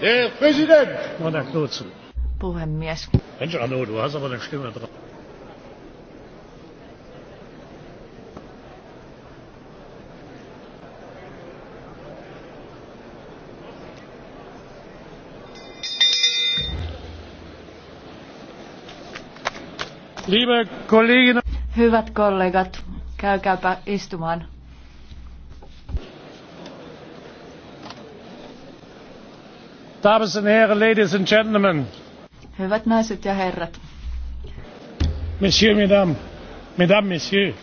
Herr Präsident! Puhemies. Mensch, Arno, du hast aber eine Stimme drauf. Liebe Kolleginnen. Hyvät kollegat, käykääpä istumaan. Dames and herren, ladies and gentlemen. Hyvät naiset ja herrat. Monsieur, mesdames, mesdames, messieurs.